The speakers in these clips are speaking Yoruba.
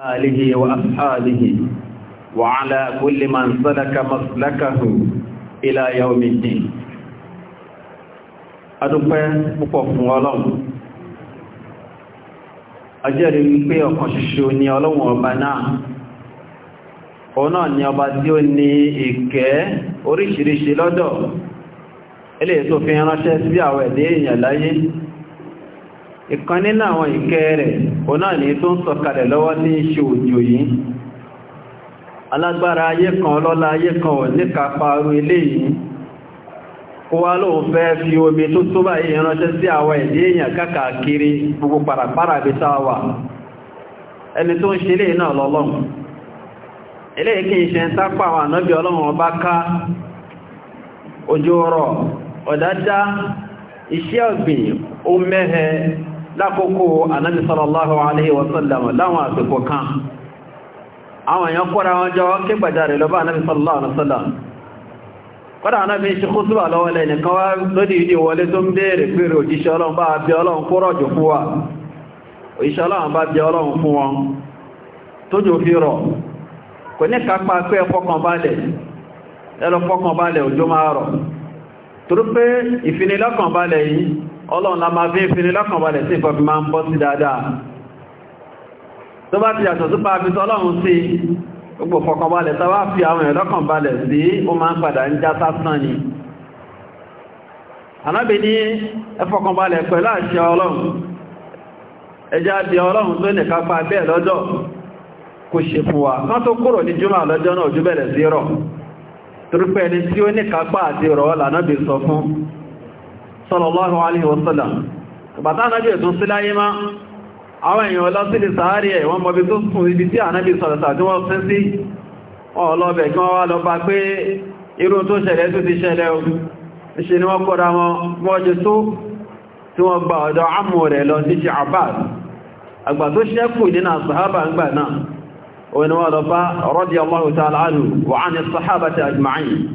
آله وأصحابه وعلى كل من سلك مسلكه إلى يوم الدين púpọ̀ fún ọlọ́run ajẹ́rìí wípé ọ̀kan ṣoṣo ni ọlọ́run ọba náà òun náà ni ọba tí ó ní ìkẹ́ oríṣiríṣi lọ́dọ̀ eléyìí fi ìkan nínú àwọn ìkẹ́ rẹ̀ náà ní tó ń sọ̀kalẹ̀ lọ́wọ́ ní iṣẹ́ òjò yìí alágbára ayé kan ọlọ́lá ayé kan ò ní ilé yìí kó fẹ́ fi omi tó tó báyìí ránṣẹ́ sí àwọn ẹ̀dí èèyàn gbogbo lákòókò ànábì sallallahu alaihi wasallam láwọn àsìkò kan àwọn èèyàn kọ́ra wọn jọ kí gbàjáre lọ bá ànábì sallallahu alaihi wasallam kọ́dà ànábì ṣe kó súbà lọ́wọ́ lẹ́nìkan wá lódì ìdí wọlé tó ń béèrè pèrè òjíṣẹ́ ọlọ́run bá bí ọlọ́run kó rọ̀jò fún wa òjíṣẹ́ ọlọ́run bá bí ọlọ́run fún wọn tójò òjò máa rọ̀ torí ìfinilọ́kànbalẹ̀ yìí ọlọ́run la máa fi ń fini lọ́kànbalẹ̀ sí ìfọ́fí máa ń bọ́ sí dáadáa tó bá ti yàtọ̀ tó pàá fi tọ́lọ́run sí gbogbo fọkànbalẹ̀ tó bá fi àwọn ẹ̀lọ́kànbalẹ̀ sí ó máa ń padà ń já sásán ni Ànábì ní ẹfọkànbalẹ̀ pẹ̀lú àṣẹ ọlọ́run ẹjá di ọlọ́run tó nìkan pa bẹ́ẹ̀ lọ́jọ́ kò ṣe fún wa kán tó kúrò ní jùmọ̀ lọ́jọ́ náà ojú bẹ̀rẹ̀ sí rọ̀ torípẹ́ ẹni tí ó nìkan pa àti rọ̀ ọ̀lànà bí sọ fún sallallahu alaihi wasallam bàtà anábì ẹ̀tún sí láyé má àwọn èèyàn lọ sí lè sàárì ẹ̀ wọ́n mọ̀bí tó sùn ibi tí anábì sọ̀rọ̀sà tí wọ́n sín sí ọlọ́bẹ̀ kí wọ́n wá lọ bá pé irú tó ṣẹlẹ̀ tó ti ṣẹlẹ̀ ṣe ni wọ́n kọ́ra wọn mọ́jẹ tó tí wọ́n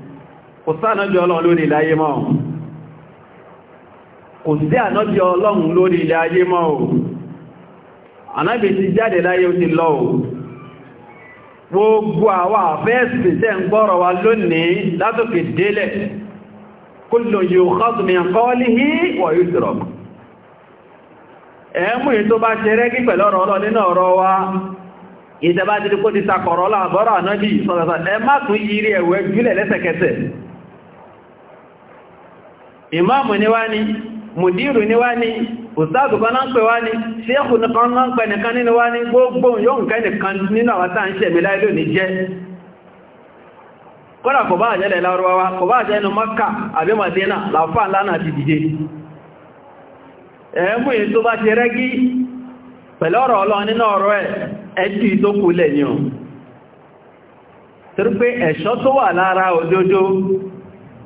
kò sí ànábì ọlọ́run lórí ilẹ̀ ayé mọ́ kò sí ànábì ọlọ́run lórí ilẹ̀ ayé mọ́ o ànábì ti jáde láyé ó ti lọ o gbogbo àwa àfẹ́ẹ̀sì tẹ́ ń gbọ́rọ̀ wa lónìí látòkè délẹ̀ kullu yukhadhu min qawlihi wa yutrak ẹ̀mù tó bá ṣe rẹ́gí pẹ̀lọ́rọ̀ ọlọ́ wa ìjẹba ti kó ìmáàmù ni wá ní mùdírù ni wani, ní ustaz kan náà ń wani, wá ní ṣéèkù kan náà ń pè nìkan nínú wá ní gbogbo yóò nǹkan nìkan nínú àwọn tàà ń ṣẹ̀mí láì lónìí jẹ́ kọ́nà kò bá àjẹ́lẹ̀ lárúwáwá kò bá àjẹ́ inú Mákà àbí Mádínà láfà lánàá ti dìde ẹ̀mú èyí tó bá ṣe rẹ́gí pẹ̀lú ọ̀rọ̀ Ọlọ́run nínú ọ̀rọ̀ ẹ̀ ẹjú tó kú lẹ̀ ni ọ̀ torípé ẹ̀ṣọ́ tó wà lára òdodo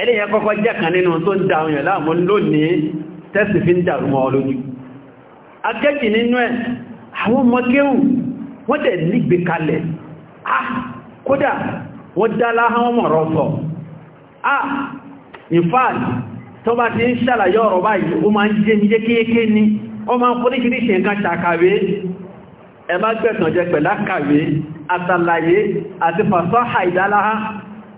ẹlẹ́yìn kọ́kọ́ jẹ́ kan nínú tó ń da àwọn èèyàn láàmú lónìí tẹ́sì fi ń dàrú mọ́ ọlójú akẹ́kì nínú ẹ̀ àwọn ọmọ wọ́n tẹ̀ nígbè kalẹ̀ ah kódà wọ́n dá láhán ọmọ ọ̀rọ̀ ah in fact tó bá ti ń ṣàlàyé ọ̀rọ̀ báyìí ó máa ń jẹ́ ní jẹ́kíyéké ní ó máa ń kó níṣìíríṣìí nǹkan ṣàkàwé gbẹ̀tàn jẹ pẹ̀lá kàwé àtàlàyé àti fàṣọ́ àìdáláhá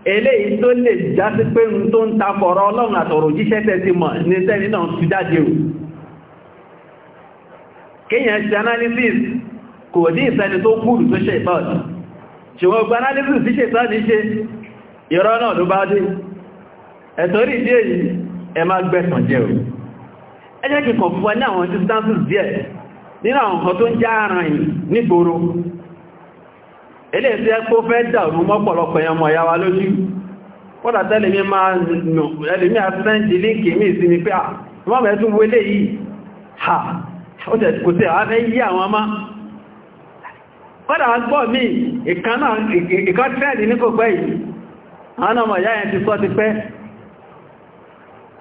eléyìí tó lè jásí pé ń tó ń ta fọ̀rọ̀ ọlọ́run àtọ̀rọ̀ jíṣẹ́ tẹ́sí mọ̀ ní o kíyàn ṣe analysis kò dí ìsẹni tó kúrù tó ṣe ìtọ́ọ̀tì ṣùgbọ́n gba analysis tí ṣe ìtọ́ọ̀tì ṣe ìrọ́ náà ló bá dé ẹ̀tọ́rí ìdí èyí ẹ gbẹ̀sàn jẹ́ o ẹ jẹ́ kí fún ní àwọn distances díẹ̀ nínú àwọn nǹkan tó ń eléyìí ẹkó fẹ́ dàrú mọ́pọ̀lọpọ̀ yẹn mọ̀ yáwa lójú kọ́dà tẹ́lẹ̀ mi máa nù ẹlẹ́mí àfẹ́ǹtì líǹkì mí sí ni pé à wọ́n mẹ́ tún wọlé yìí ha ó tẹ̀ kò tẹ́ àwẹ́ yí àwọn ọmọ kọ́dà gbọ́ mí ìkan trẹ́ẹ̀dì ní kò pẹ́ yìí àwọn ọmọ ìyá yẹn ti sọ ti pẹ́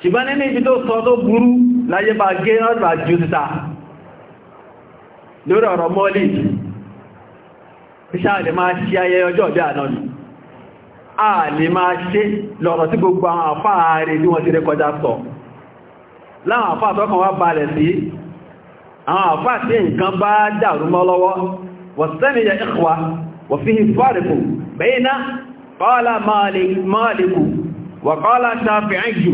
ṣùgbọ́n nínú ibi tó sọ tó burú láyé bá gé ọ̀rọ̀ àjú síta lórí ọ̀rọ̀ mọ́lì iṣẹ́ àlè máa ṣe ayẹyẹ ọjọ́ ọ̀bí àná ni a lè máa ṣe lọ́rọ̀ tí gbogbo àwọn àfáà rẹ̀ bí wọ́n ti rékọjá sọ láwọn àfáà tọ́kàn wá balẹ̀ sí àwọn àfáà tí nǹkan bá dàrú mọ́ lọ́wọ́ wọ̀sẹ́niyà ikhwa wọ̀fíhì fárikù bẹ́yìnà qala Maliku wa qala Shafi'iyyu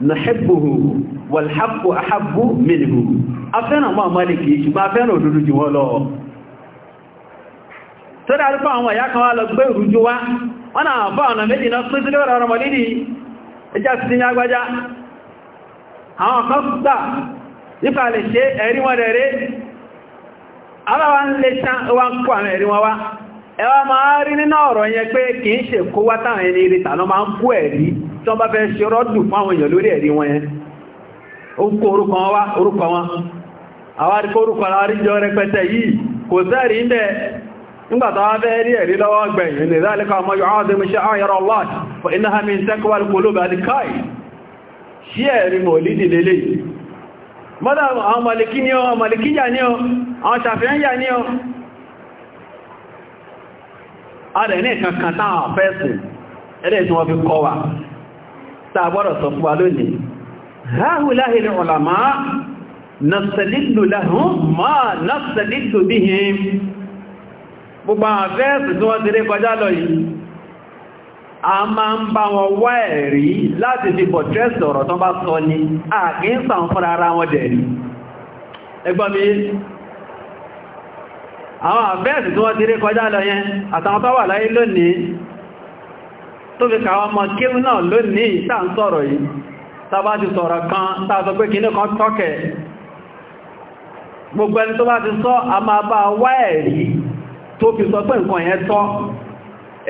nàṣẹ́gbòhò wàlhápò àhábò mìnìhò afẹ́nà máa máa lè kìí ṣùgbọ́n afẹ́nà òdúdú jù wọ́n lọ tó dárípa àwọn ìyá kan wá lọ gbé ìrújú wá wọ́n náà bá ọ̀nà méjì náà tó sílẹ̀ ọ̀rọ̀ mọ̀lídì ẹjá sí ní agbájá ẹwà máa rí nínú ọ̀rọ̀ yẹn pé kì í ṣe kó wá táwọn ẹni rí tàná máa ń bú ẹ̀rí tí wọ́n bá fẹ́ ṣe rọ́dù fún àwọn èèyàn lórí ẹ̀rí wọn yẹn ó ń kó orúkọ wọn wá orúkọ wọn àwárí kó orúkọ àwọn àríjọ rẹpẹtẹ yìí kò sẹ́rí ń bẹ nígbà tó wá fẹ́ rí ẹ̀rí lọ́wọ́ gbẹ̀yìn ní ọmọ yóò àwọn ọdún iṣẹ́ àwọn yọrọ ààrẹ ní ìkankan táwọn àfẹ́sìn ẹlẹ́ tí wọ́n fi kọ́ wa tàbọ́rọ̀ sọ fún wa lónìí haúláhì ní ọ̀làmá nàṣẹ̀lìlù láhùn máa nàṣẹ̀lìlù bí i gbogbo àfẹ́sìn tí wọ́n ti rí kọjá lọ yìí a máa ń bá wọn wá ẹ̀rí láti fi bọ̀tẹ́sì ọ̀rọ̀ tán bá sọ àwọn àfẹ́ẹ̀sì tí wọ́n ti rí kọjá lọ yẹn àtàwọn tó wà láyé lónìí tó fi kàwọn ọmọ kéwú náà lónìí tàà ń sọ̀rọ̀ yìí tàbá ti sọ̀rọ̀ kan tàà sọ pé kìíní kan tọ́kẹ̀ gbogbo ẹni tó bá ti sọ a máa bá wá ẹ̀rí tó fi sọ pé nǹkan yẹn tọ́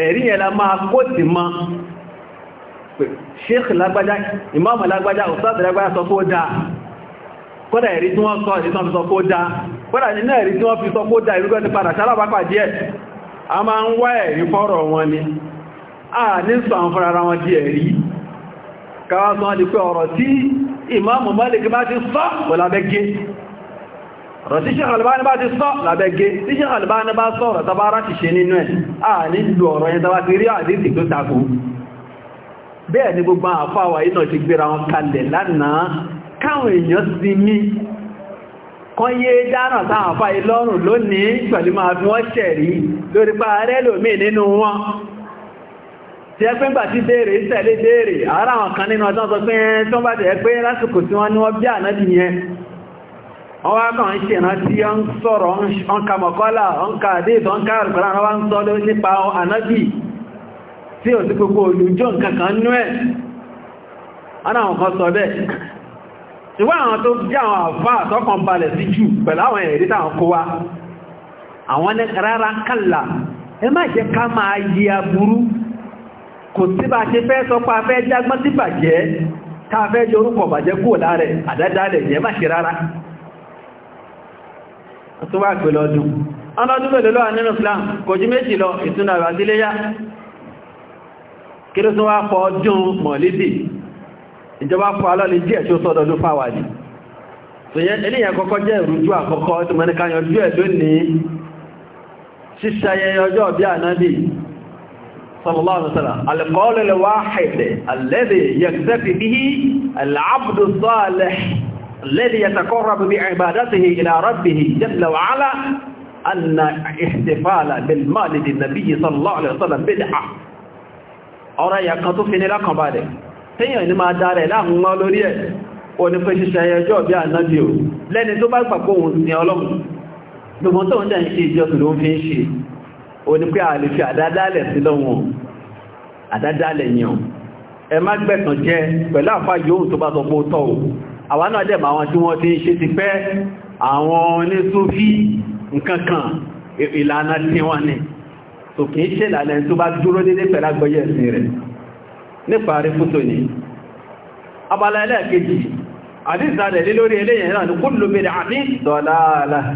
ẹ̀rí yẹn la máa kó tì mọ́ sheikh lágbájá imam lágbájá ustaz lágbájá sọ kó dáa kódà ẹ̀rí tí wọ́n sọ ẹ̀rí tí dáa kódà nínú ẹ̀rí tí wọ́n fi sọ kó dá ìrúgbẹ́ ti padà sálábápà díẹ̀ a máa ń wá ẹ̀rí fọ́rọ̀ wọn ni a ní sọ àǹfọ́ra ara wọn di ẹ̀rí káwà sọ di pé ọ̀rọ̀ tí ìmáàmù Malik bá ti sọ lábẹ́gé ọ̀rọ̀ tí Sheikh Albani bá ti sọ lábẹ́gé tí Sheikh Albani bá sọ ọ̀rọ̀ tabára ti ṣe nínú ẹ̀ a ní lu ọ̀rọ̀ yẹn tabá ti rí àdíṣì tó takò bẹ́ẹ̀ ni gbogbo àfáwà yìí náà ti gbéra wọn kalẹ̀ lánàá káwọn èèyàn sinmi kan yé dáràn sáwọn fa ìlọ́rùn lónìí pẹ̀lú máa fi wọ́n ṣẹ̀rí lórí pa ààrẹ lòmí nínú wọn tí ẹ pé ń bà ìsẹ̀lẹ̀ béèrè ara àwọn kan nínú ọjọ́ sọ pé tó bá jẹ́ pé lásìkò tí wọ́n ní wọ́n bí yẹn wọ́n wá kàn ń sọ̀rọ̀ ka mọ̀kọ́lá ka àrùkọ́lá wọ́n sọ nípa ìwá àwọn tó jẹ́ àwọn àfá àtọ́kàn balẹ̀ sí jù pẹ̀lú àwọn ẹ̀rí tàwọn kó wá àwọn rárá kàlà ẹ má jẹ́ ká máa yí aburú kò sí bá ṣe fẹ́ sọ pa fẹ́ jágbọ́n sí bàjẹ́ ká fẹ́ jẹ orúkọ bàjẹ́ kú láàrẹ̀ àdádálẹ̀ yẹ má ṣe rárá tó wá pẹ̀lú ọdún ọlọ́dún pẹ̀lú lọ́wọ́ nínú Islam kò jí méjì lọ ìtúnà àbájíléyá kí ló tún ìjọba fún alọ́lẹ̀ díẹ̀ tí ó sọ́dọ̀ ló fáwàdì tó yẹ eléyàn kọ́kọ́ jẹ́ ìrújú àkọ́kọ́ tí mẹ́rin kan yọjú ẹ̀ lónìí ṣíṣayẹyẹ ọjọ́ bí ànábì sallallahu alaihi wasallam al-qawl al-wahid alladhi yaktafi bihi al-'abdu as-salih alladhi yataqarrabu bi'ibadatihi ila rabbih jalla wa 'ala anna ihtifala bil ọ̀rọ̀ yà tó fi nílá kan balẹ̀ téèyàn ní máa dára ẹ̀ láàmú mọ́ lórí ẹ̀ o ní pé ṣíṣe ẹjọ́ bí ànábí o lẹ́ni tó bá pàpọ̀ òun sí ọlọ́run gbogbo tó ń dẹ̀yìn sí ìjọsìn ló ń fi ń ṣe o ní pé àlè fi àdádálẹ̀ sí lọ́wọ́n àdádálẹ̀ yàn ẹ má gbẹ̀tàn jẹ pẹ̀lú àfá yóò tó bá sọpọ̀ tọ́ o àwọn náà dẹ̀ nípa rí fútó ní abala ẹlẹ́ẹ̀kejì àdíṣàdẹ̀ lé lórí eléyìn náà ní kullu bid'atin dalalah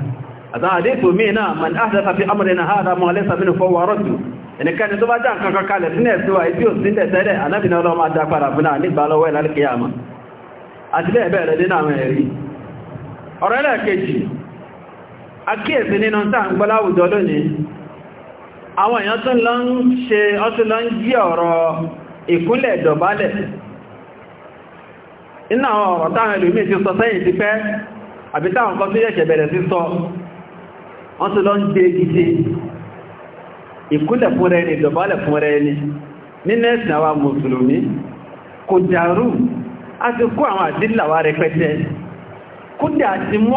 àtàwọn àdíṣò míì náà man ahdatha fi amrina hadha ma laysa minhu fahuwa radd ẹnikẹ́ni tó bá já nǹkan kan kalẹ̀ sínú ẹ̀síwà ìdí ò sílẹ̀ tẹ́lẹ̀ anábìnà ọlọ́mà dápàdà fún náà nígbà lọ́wọ́ ẹ̀ lálẹ́kẹ̀yàmà àti bẹ́ẹ̀ bẹ́ẹ̀ lẹ́dínà àwọn ẹ̀rí ọ̀rọ̀ ẹlẹ́ẹ̀kejì akíyèsí nínú tàà ń gbọ́lá àwùjọ lónìí àwọn ìkúnlẹ̀ dọ̀bálẹ̀ iná àwọn ọ̀rọ̀ táwọn ẹlòmíì ti sọ sẹ́yìn ti pẹ́ àbí táwọn kan tó yẹ̀ṣẹ̀ bẹ̀rẹ̀ sí sọ wọ́n tó lọ ń gbé gidi ìkúnlẹ̀ fún rẹ̀ ni dọ̀bálẹ̀ fún rẹ̀ ni nínú ẹ̀sìn àwa mùsùlùmí kò dàrú a ti kó àwọn àdílà wa rẹpẹtẹ kúndẹ̀ àti mú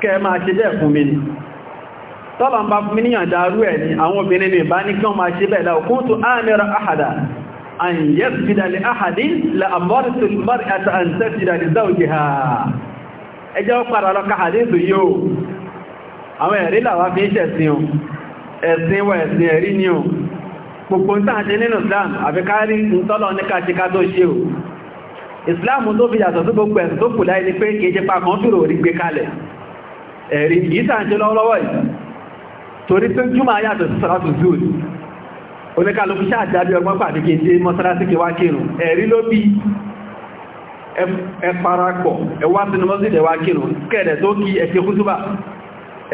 kẹ máa ṣe bẹ́ẹ̀ fún mi ni tọ́lọ̀ ń bá fún mi níyàn dárú ẹ̀ ni àwọn obìnrin mi bá ní kí wọ́n máa ṣe bẹ́ẹ̀ láwọ́ kún tó ámẹ́ra àhàdà an yẹ́ fìdàlẹ̀ àhàdí la'amọ́rìsìlmọ́rì àti àǹtẹ́ fìdàlẹ̀ záwùjì ha ẹjẹ́ ó padà lọ káàdé tó yíò àwọn ẹ̀rí làwá fi ń ṣẹ̀sìn ẹ̀sìn wọ ẹ̀sìn ẹ̀rí ni o gbogbo ń tàà ṣe nínú Islam àfikárí ń tọ́lọ ní káṣíká tó ṣe o Islam tó fi yàtọ̀ tó gbogbo ẹ̀sìn tó kù láì ní pé kéje pa kan fìrò orí gbé kalẹ̀ ẹ̀rí ìtàǹjẹ́ lọ́wọ́lọ́wọ́ yìí torí tí jùmọ̀ ayàtọ̀ sí sọ́rọ̀tù zúùlù oníkàlùkù ṣáàjáde ọgbọ́n pàdé kí tí mọ́sálásí kí wá kírùn ẹ̀rí ló bí ẹparapọ̀ ẹwà sínú mọ́sílẹ̀ wá kírùn kẹ́ẹ̀dẹ̀ tó kí ẹ̀ṣẹ́ kúsùbà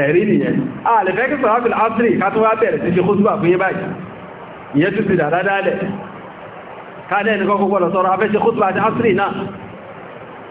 ẹ̀rí nìyẹn ààlẹ̀fẹ́ kí sọ́rọ̀tù áfírí kátó wá bẹ̀rẹ̀ sí ṣe kúsùbà fún yí báyìí ìyẹ́ tún ti dàdádálẹ̀ káàdẹ̀ ẹnìkan kọ́kọ́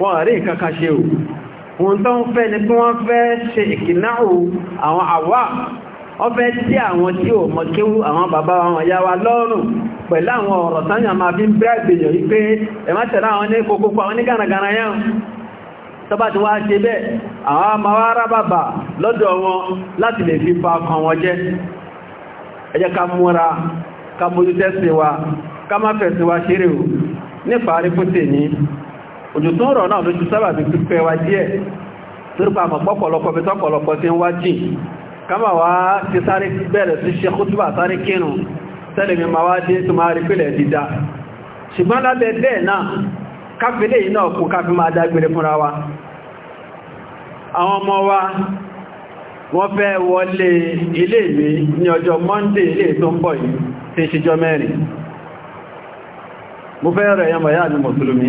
wọ́n rí kankan ṣe ò wọ́n tó ń fẹ́ ni kí wọ́n fẹ́ ṣe ìkìnáà àwọn àwà wọ́n fẹ́ tí àwọn tí ò mọ̀ kéwú àwọn bàbá wọn yá wa lọ́rùn pẹ̀lú àwọn ọ̀rọ̀ sáyà máa fi ń bẹ́ẹ̀ gbèyàn yí pé ẹ̀mọ́tẹ̀lá àwọn ní kòkòkò àwọn ní gànàgànà yáà nípa rí fún tèní òjò tó ń rọ̀ náà lójú sábà ti pípẹ́ wa díẹ̀ torípa àmọ̀ pọ́pọ̀lọpọ̀ bí tọ́pọ̀lọpọ̀ ti ń wá jìn kámà wá ti sáré bẹ̀rẹ̀ sí ṣe kútùbà sáré kírun tẹ́lẹ̀mí ma wá dé tó máa rí pílẹ̀ dídá ṣùgbọ́n lábẹ́ bẹ́ẹ̀ náà káfílẹ̀ yìí náà kú mo fẹ́ rẹ̀ yọmọ̀ yáà ní mùsùlùmí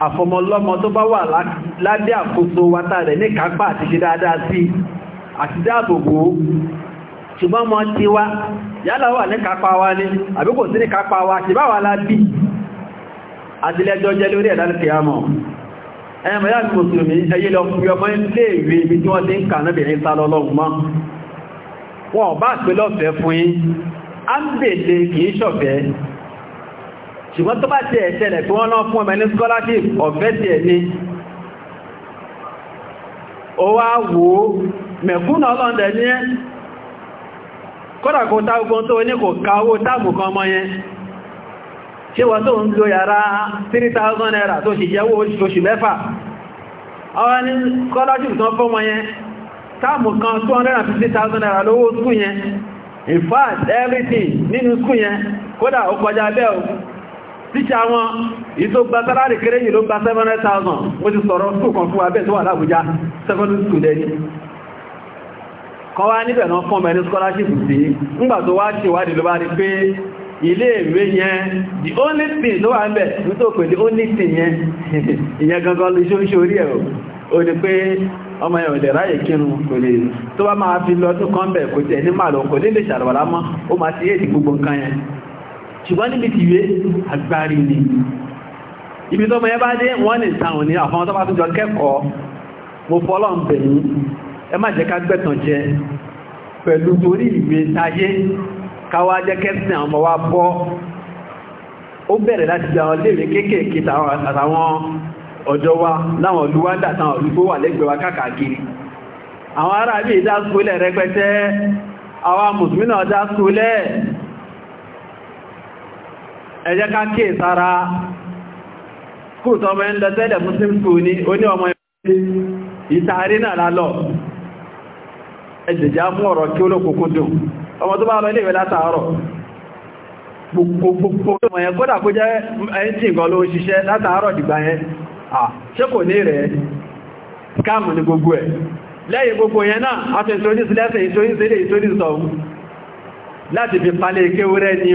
àfọmọlọ́mọ tó bá wà lábẹ́ àkóso wata rẹ̀ ní kápá àti ṣe dáadáa sí àti dáàbòbò ṣùgbọ́n mọ́ ti wá yálà wà ní kápá wa ní àbí sí ní kápá wa ṣe bá wà lábí àtìlẹ́jọ́ jẹ́ lórí ẹ̀dá kìyàmọ̀ ẹ̀mọ̀ yá mùsùlùmí ẹyẹ lọ fi ọmọ ilé ìwé ibi tí wọ́n ti ń ṣùgbọ́n tó bá ti ẹ̀ṣẹ̀lẹ̀ tí wọ́n náà fún ọmọ ní scholarship ọ̀fẹ́ ti ẹ̀ ní ó wá wò ó mẹ̀kúnnà ọlọ́ndẹ̀ ní ẹ́ kódà kó tágbọn tó ní kò ká owó kan mọ́ yẹn ṣe wọ́n tó ń lo yàrá 3000 naira tó jẹ́wó oṣù mẹ́fà scholarship in fact kódà ó kọjá bẹ́ẹ̀ tíṣà wọn ìtò gba sálárì kéré yìí ló gba 700,000 ti sọ̀rọ̀ skú kan fún abẹ́ tó wà lábújá secondary school lẹ́ni kọwa níbẹ̀ náà fún mẹ́rin scholarship sí ńgbà tó wá ṣe wádìí ló bá rí pé yẹn the only thing tó wà ń bẹ̀ only thing yẹn ìyẹn gangan lè ṣe o ní pé ọmọ ẹ̀ òdẹ̀ ráyè kírun kò lè tó fi ṣùgbọ́n níbi ti ìwé agbárí ni ibi tó mẹ́yẹ bá dé wọ́n ní ìtàwọn ní àwọn tó bá tún jọ kẹ́kọ̀ọ́ mo fọ́lọ̀ ń bẹ̀ yín ẹ má jẹ́ ká gbẹ̀tàn jẹ pẹ̀lú torí ìwé táyé káwá jẹ́ kẹ́sìn àwọn ọmọ wa bọ́ ó bẹ̀rẹ̀ láti jẹ àwọn léèrè kéékèèké àtàwọn ọ̀dọ́ wa láwọn e jẹ́ ká kíè sára skúù tọmọ ẹ̀ ń lọ tẹ́lẹ̀ muslim school ní oní ọmọ ìtàrí náà lálọ́ ẹjẹ̀já mú ọ̀rọ̀ kí olókòókò dùn ọmọ tó bá ọmọ gbogbo yẹn náà a fi introduce lẹ́sẹ̀ introduce ilé láti fi palẹ̀ ní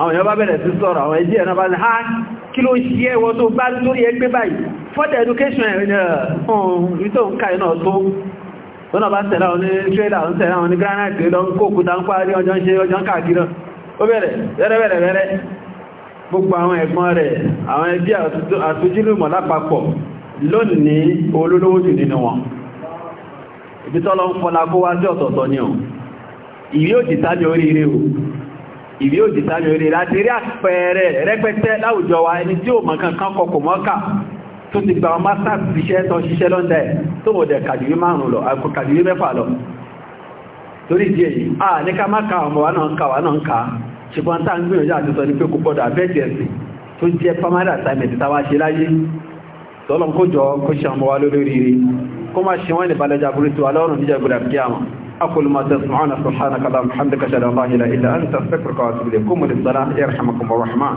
àwọn èèyàn bá bẹ̀rẹ̀ sí sọ̀rọ̀ àwọn ẹjí ẹ̀nà bá ní ha kí ló ṣe ẹwọ tó bá lórí ẹgbẹ́ báyìí fọ́dẹ̀ education ẹ̀rẹ̀ ìtò ń káì náà tó wọ́n bá tẹ̀lá wọn ní trailer ń tẹ̀lá wọn ní granite lọ ń kókùtà ń parí ọjọ́ ń ṣe ọjọ́ ń káàkiri ó bẹ̀rẹ̀ rẹ́rẹ́rẹ́rẹ́ gbogbo àwọn ẹ̀gbọ́n rẹ̀ àwọn ẹbí àtújúlùmọ̀ lápapọ̀ lónìí olólówó jù nínú wọn ibi tọ́lọ ń fọ́lá kó wá sí ọ̀tọ̀ọ̀tọ̀ ni ọ̀ ìrí òjìta ní oríire o ìwé òjì sáàmì orí láti rí àpẹẹrẹ rẹpẹtẹ láwùjọ wa ẹni tí ò mọ̀ kankan kọkọ̀ mọ́kà tó ti gba ọmọ sáà fiṣẹ́ tán ṣiṣẹ́ lọ́ndà ẹ̀ tó wò dẹ̀ kàdìrí márùn lọ kàdìrí mẹ́fà lọ torí díẹ̀ yìí a ní ká má ka ọmọ wa náà ń ka wa náà ń ka kó jọ kó ṣe ọmọ lórí rí kó má ṣe wọ́n ní balẹ̀ jàbúrú tí wà lọ́rùn níjàgbúrà kí àwọn أقول ما تسمعون سبحانك اللهم وبحمدك أشهد أن لا إله إلا أنت أستغفرك وأتوب إليك قوموا للصلاة يرحمكم الرحمن